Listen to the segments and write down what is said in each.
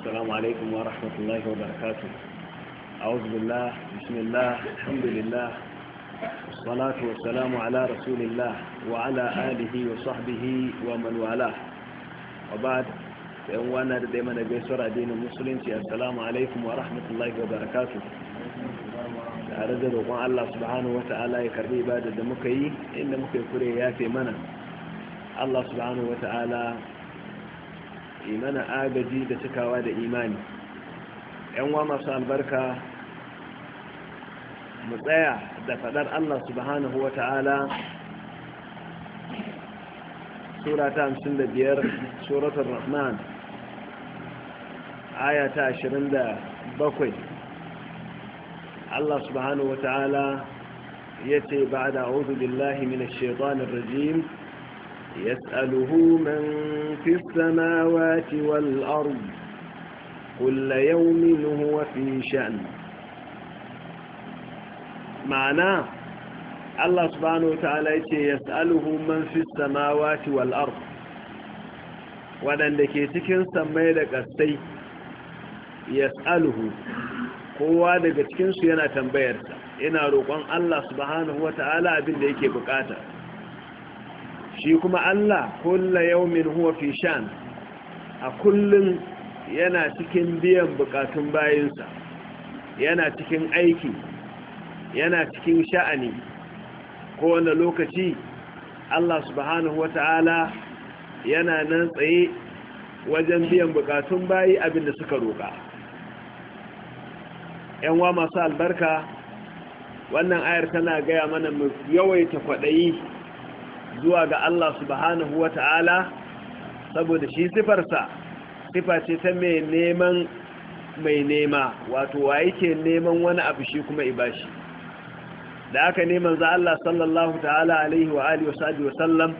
السلام عليكم ورحمة الله وبركاته أعوذ بالله بسم الله الحمد لله والصلاة والسلام على رسول الله وعلى آله وصحبه ومن والاه وبعد وانا دائما بيسر دين المسلم السلام عليكم ورحمة الله وبركاته tare da roƙon Allah subhanahu wata'ala ya karbi ibadar da muka yi inda muka yi kure ya fi mana Allah subhanahu wata'ala imana agaji da cikawa da imani yan wa masu albarka mu tsaya da fadar Allah subhanahu wa ta'ala sura ta 55 suratul rahman aya ta 27 Allah subhanahu wa ta'ala yace ba'da a'udhu billahi mina shaitanir rajim يسأله من في السماوات والأرض كل يوم هو في شأن معناه الله سبحانه وتعالى يسأله من في السماوات والأرض waɗanda ke cikin sammai da ƙasai ya kowa daga cikinsu yana tambayarsa ina roƙon Allah subhanahu wa ta'ala abin da yake buƙata. shi kuma Allah kulla yaumin huwa fi shan a kullum yana cikin biyan bukatun bayinsa yana cikin aiki yana cikin sha'ani kowane lokaci Allah subhanahu Ta'ala yana nan tsaye wajen biyan bukatun bayi abinda suka roƙa yanwa masu albarka wannan ayar tana gaya mana yawaita kwaɗayi zuwa ga Allah subhanahu ta'ala saboda shi sifarsa sifa ce ta mai neman mai nema wato wa yake neman wani abu shi kuma ibashi da aka neman za Allah sallallahu ta'ala alaihi wa alihi wa sallam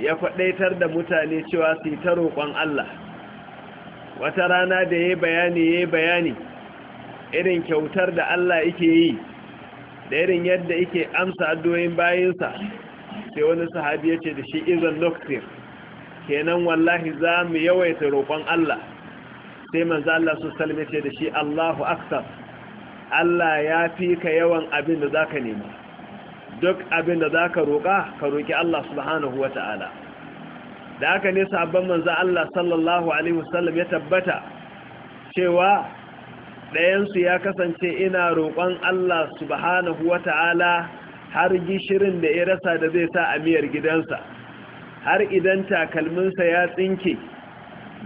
ya faɗaitar da mutane cewa su ta roƙon Allah wata rana da yayi bayani yayi bayani irin kyautar da Allah yake yi da irin yadda yake amsa addu'o'in bayinsa sai wani sahabi ya ce da shi izan noctir kenan wallahi za mu yawaita roƙon Allah sai manzo Allah su salme ce da shi Allahu akbar Allah ya fi ka yawan abin da zaka nema duk abin da zaka roƙa ka roƙi Allah subhanahu wata'ala da haka ne sabon manzo Allah sallallahu alaihi wasallam ya tabbata cewa ɗayansu ya kasance ina roƙon Allah subhanahu wata'ala har gishirin da ya rasa da zai sa a miyar gidansa har idan takalminsa ya tsinke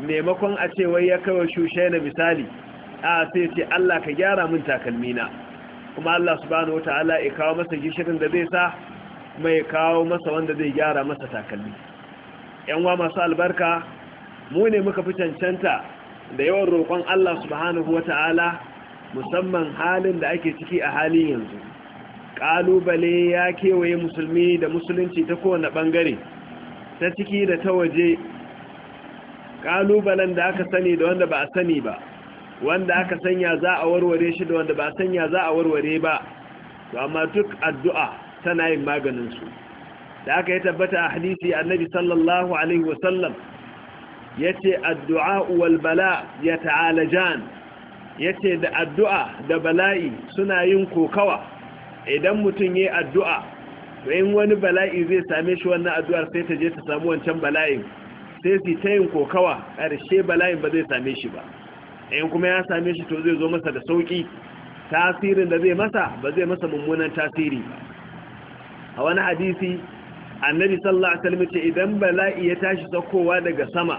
maimakon a ce ya kawo shushe na misali a sai ce Allah ka gyara min takalmina kuma Allah subhanahu wataala ya kawo masa gishirin da zai sa mai kawo masa wanda zai gyara masa takalmi yan wa masu albarka mu ne muka fi cancanta da yawan roƙon Allah subhanahu wataala musamman halin da ake ciki a halin yanzu ƙalubale ya kewaye musulmi da musulunci ta kowane ɓangare ta ciki da ta waje ƙalubalen da aka sani da wanda ba a sani ba wanda aka sanya za a warware shi da wanda ba a sanya za a warware ba to amma duk addu'a tana yin maganinsu da aka yi tabbata a hadisi annabi sallallahu alaihi wasallam ya ce addu'a wal bala ya ta'alajan ya ce da addu'a da bala'i suna yin kokawa idan mutum ya addu'a in wani bala'i zai same shi wannan addu'ar sai ta je ta samu wancan bala'in sai su ta yin kokawa ƙarshe bala'in ba zai same shi ba in kuma ya same shi to zai zo masa da sauƙi tasirin da zai masa ba zai masa mummunan tasiri a wani hadisi annabi sallallahu alaihi wasallam ce idan bala'i ya tashi saukowa daga sama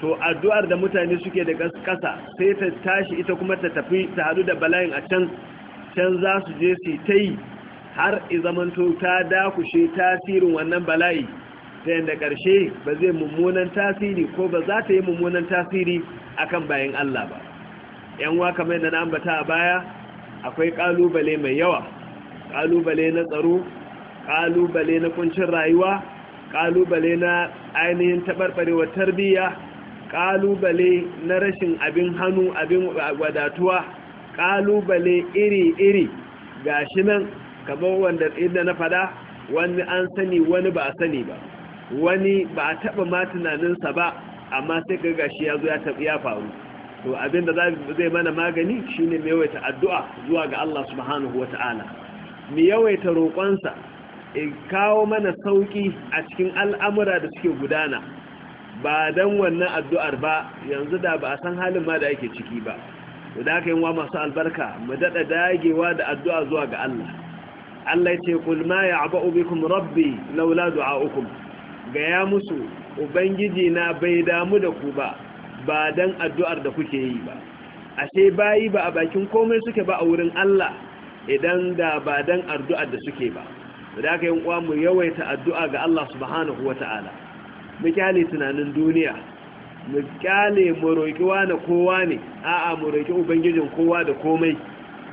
to addu'ar da mutane suke da ƙasa sai ta tashi ita kuma ta tafi ta hadu da bala'in a can can za su je su ta yi har izamanto ta dakushe tasirin wannan bala'i ta yadda ƙarshe ba zai mummunan tasiri ko ba za ta yi mummunan tasiri a kan bayan Allah ba yan wa kamar da na ambata a baya akwai ƙalubale mai yawa ƙalubale na tsaro ƙalubale na kuncin rayuwa ƙalubale na ainihin taɓarɓarewar tarbiyya ƙalubale na rashin abin hannu abin wadatuwa ƙalubale iri-iri ga shi nan kamar wanda inda na fada wani an sani wani ba sani ba wani ba a taɓa ma tunaninsa ba amma sai ga gashi ya zo ya taɓi ya faru to abinda zai mana magani shine mai yawaita addu'a zuwa ga Allah subhanahu wa ta'ala mai yawaita roƙonsa in kawo mana sauƙi a cikin al'amura da suke gudana ba don wannan addu'ar ba yanzu da ba a san halin ma da ake ciki ba to da aka yi wa masu albarka mu daɗa dagewa da addu'a zuwa ga Allah Allah ce kul ma ya'ba'u bikum rabbi laula du'a'ukum ga ya musu ubangiji na bai damu da ku ba ba dan addu'ar da kuke yi ba ashe bayi ba a bakin komai suke ba a wurin Allah idan da ba dan addu'ar da suke ba da aka yi wa mu yawaita addu'a ga Allah subhanahu wata'ala mu hali tunanin duniya mu kyale mu roƙi wani kowa ne a'a mu roƙi ubangijin kowa da komai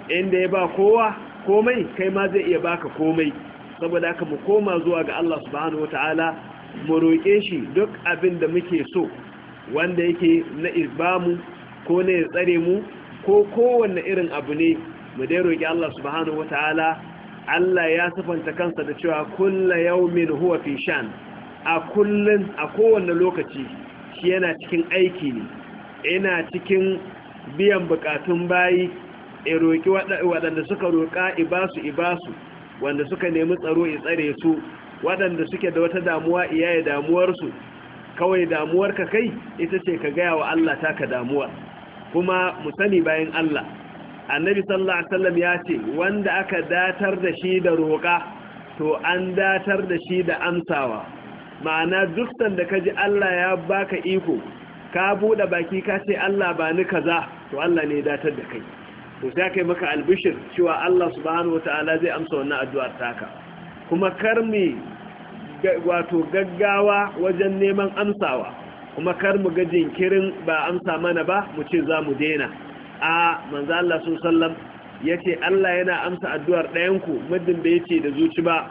inda ya ba kowa komai kai ma zai iya baka komai saboda haka mu koma zuwa ga Allah subhanahu wataala mu roƙe shi duk abin da muke so wanda yake na izbamu ko na ya tsare mu ko kowanne irin abu ne mu dai roƙi Allah subhanahu wataala Allah ya sifanta kansa da cewa kullu yawmin huwa fi shan a kullun a kowanne lokaci shi yana cikin aiki ne yana cikin biyan bukatun bayi ya roƙi waɗanda suka roƙa ibasu ibasu wanda suka nemi tsaro ya tsare su waɗanda suke da wata damuwa iyaye damuwarsu kawai damuwar ka kai ita ce ka gaya wa Allah taka damuwa kuma mu sani bayan Allah annabi sallallahu alaihi wasallam ya ce wanda aka datar da shi da roƙa to an datar da shi da amsawa ma'ana duk sanda ka ji Allah ya baka iko ka buɗe baki ka ce Allah ba ni kaza to Allah ne ya datar da kai to sai kai maka albishir cewa Allah subhanahu wataala zai amsa wannan addu'ar taka kuma kar mu wato gaggawa wajen neman amsawa kuma kar mu ga jinkirin ba amsa mana ba mu ce za mu daina a manzo Allah sallallahu alaihi wasallam yace Allah yana amsa addu'ar ɗayanku muddin bai ce da zuci ba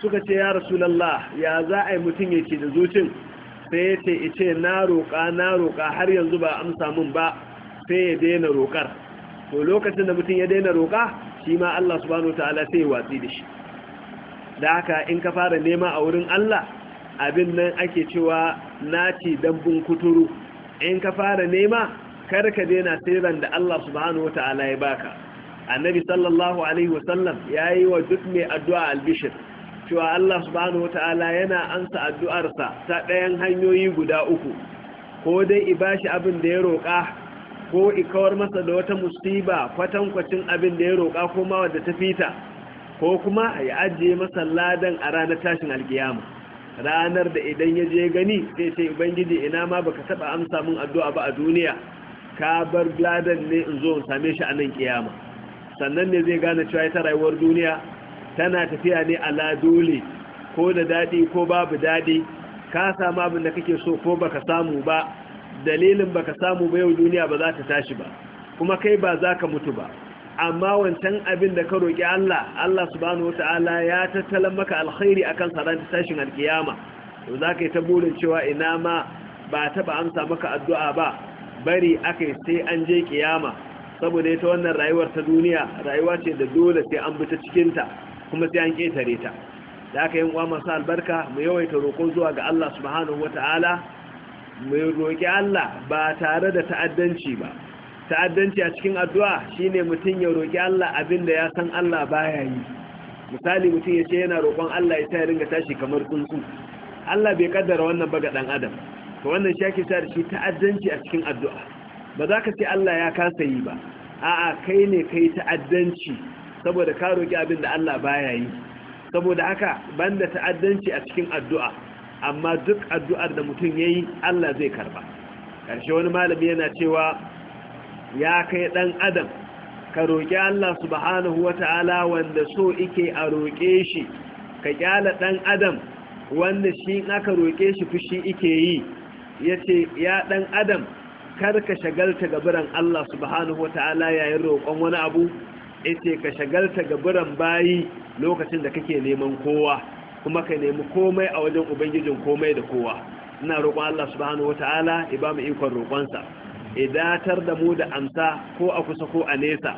suka ce ya rasu rasulallah ya za a yi mutum ya ci da zucin sai ya ce ice na roƙa na roƙa har yanzu ba amsa min ba sai ya daina roƙar to lokacin da mutum ya daina roƙa shi ma Allah subhanahu ta'ala sai ya watsi da shi da haka in ka fara nema a wurin Allah abin nan ake cewa naci dambun kuturu in ka fara nema kar ka daina sirran da Allah subhanahu ta'ala ya baka annabi sallallahu alaihi wasallam yayi wa duk mai addu'a albishir cewa Allah subhanahu wata'ala yana ansa addu'arsa ta ɗayan hanyoyi guda uku ko dai i bashi abin da ya roƙa ko i kawar masa da wata musiba kwatankwacin abin da ya roƙa ko ma wadda ta fita ko kuma ya ajiye masa ladan a ranar tashin alkiyama ranar da idan ya je gani sai ce ubangiji ina ma baka taba amsa min addu'a ba a duniya ka bar ladan ne in zo in same shi a nan kiyama sannan ne zai gane cewa ita rayuwar duniya tana tafiya ne a dole ko da daɗi ko babu daɗi ka samu abin da kake so ko baka samu ba dalilin baka samu ba yau duniya ba za ta tashi ba kuma kai ba za ka mutu ba amma wancan abin da ka roƙi Allah Allah subhanahu wata'ala ya tattalan maka alkhairi akan saran tashin alkiyama to za ka yi ta burin cewa ina ma ba taɓa amsa maka addu'a ba bari akai sai an je kiyama saboda ita wannan rayuwar ta duniya rayuwa ce da dole sai an bi ta cikinta kuma sai an ƙetare ta da aka yin kwamar sa albarka mu yawaita roƙo zuwa ga Allah subhanahu Ta'ala. mu roƙi Allah ba tare da ta'addanci ba ta'addanci a cikin addu'a shine mutum ya roƙi Allah abin da ya san Allah baya yi misali mutum ya ce yana roƙon Allah ya sa ya ringa tashi kamar tsuntsu Allah bai kaddara wannan ba ga dan adam to wannan shaki sa da shi ta'addanci a cikin addu'a ba za ka ce Allah ya kasa yi ba a'a kai ne kai ta'addanci saboda ka roƙi abin da Allah baya yi saboda haka banda ta'addanci a cikin addu'a amma duk addu'ar da mutum yayi Allah zai karba karshe wani malami yana cewa ya kai dan adam ka roƙi Allah subhanahu wata'ala wanda so ike a roƙe shi ka kyala dan adam wanda shi aka roƙe shi fushi ike yi yace ya ɗan adam Kar ka shagalta gaburan Allah subhanahu wata'ala yayin roƙon wani abu ita ka shagalta ga biran bayi lokacin da kake neman kowa kuma ka nemi komai a wajen ubangijin komai da kowa ina roƙon Allah subhanahu wataala ya ba mu ikon roƙonsa idatar da mu da amsa ko a kusa ko a nesa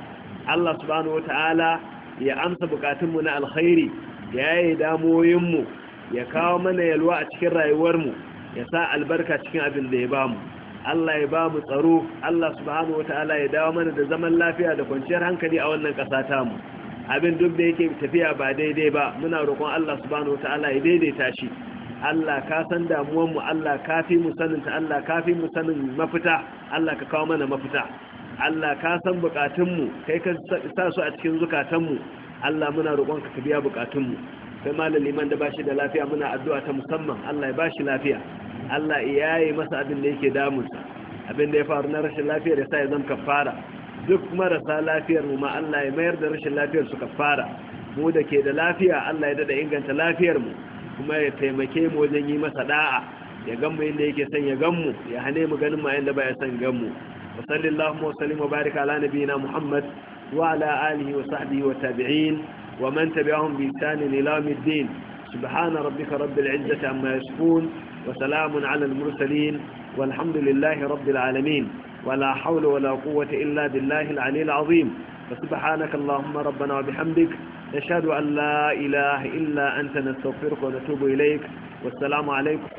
Allah subhanahu wataala ya amsa bukatun mu na alkhairi ya yi mu ya kawo mana yalwa a cikin rayuwar mu ya sa albarka cikin abin da ya bamu Allah ya ba mu tsaro Allah subhanahu wataala ya dawo mana da zaman lafiya da kwanciyar hankali a wannan ƙasa ta mu abin duk da yake tafiya ba daidai ba muna roƙon Allah subhanahu wataala ya daidaita shi Allah ka san damuwar mu Allah ka fi mu sanin ta Allah ka fi mu sanin mafita Allah ka kawo mana mafita Allah ka san bukatun mu kai ka sa su a cikin zukatan mu Allah muna roƙon ka biya bukatun mu kai malam da bashi da lafiya muna addu'a ta musamman Allah ya bashi lafiya Allah ya yi masa abin da yake damunsa abin da ya faru na rashin lafiyar ya sa ya zama kafara duk marasa lafiyar mu ma Allah ya mayar da rashin lafiyar su kafara mu da ke da lafiya Allah ya dada inganta lafiyar mu kuma ya taimake mu wajen yi masa da'a ya gan mu inda yake son ya gan mu ya hane mu ganin ma inda ya son gan mu wa sallallahu wa sallim wa barika ala nabiyina muhammad wa ala alihi wa sahbihi wa tabi'in wa man tabi'ahum bi ihsan ila yawmiddin subhana rabbika rabbil izzati amma yasifun وسلام على المرسلين والحمد لله رب العالمين ولا حول ولا قوة إلا بالله العلي العظيم فسبحانك اللهم ربنا وبحمدك نشهد أن لا إله إلا أنت نستغفرك ونتوب إليك والسلام عليكم